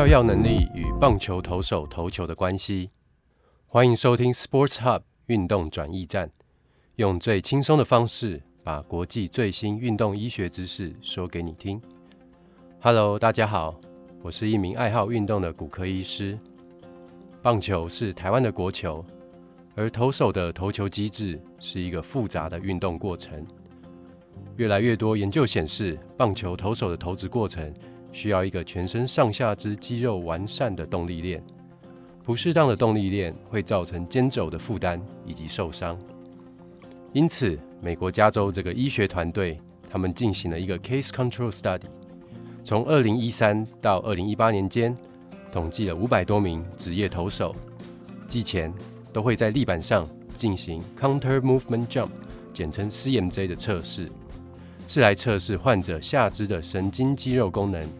跳躍能力與棒球投手投球的關係。歡迎收聽 Sports Hub 運動轉譯站，用最輕鬆的方式把國際最新運動醫學知識說給你聽。Hello，大家好，我是一名愛好運動的骨科醫師。棒球是台灣的國球，而投手的投球機制是一個複雜的運動過程。越來越多研究顯示，棒球投手的投擲過程，需要一個全身上下肢肌肉完善的動力鏈，不適當的動力鏈會造成肩肘的負擔以及受傷。因此，美國加州這個醫學團隊，他們進行了一個 case-control study，從二零一三到二零一八年間，統計了五百多名職業投手，季前都會在立板上進行 counter movement jump，簡稱 CMJ 的測試，是來測試患者下肢的神經肌肉功能。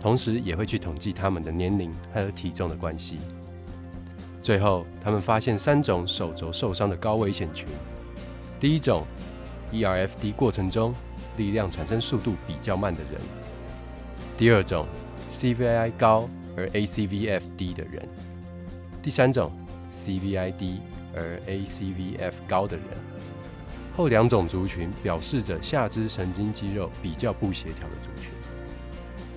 同時也會去統計他們的年齡還有體重的關係。最後，他們發現三種手肘受傷的高危險群：第一種，ERFD 過程中力量產生速度比較慢的人；第二種，CVI 高而 ACVF 低的人；第三種，CVI 低而 ACVF 高的人。後兩種族群表示着下肢神經肌肉比較不協調的族群。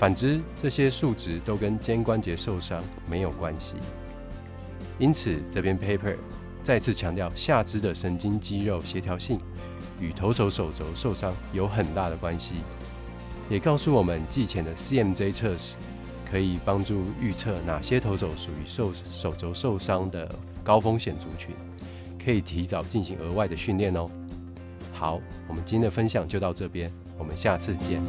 反之，這些數值都跟肩關節受傷沒有關係。因此，這篇 paper 再次強調，下肢的神經肌肉協調性與投手手肘受傷有很大的關係，也告訴我們，季前的 CMJ 測試可以幫助預測哪些投手屬於受手肘受傷的高風險族群，可以提早進行額外的訓練哦。好，我們今天的分享就到這邊，我們下次見。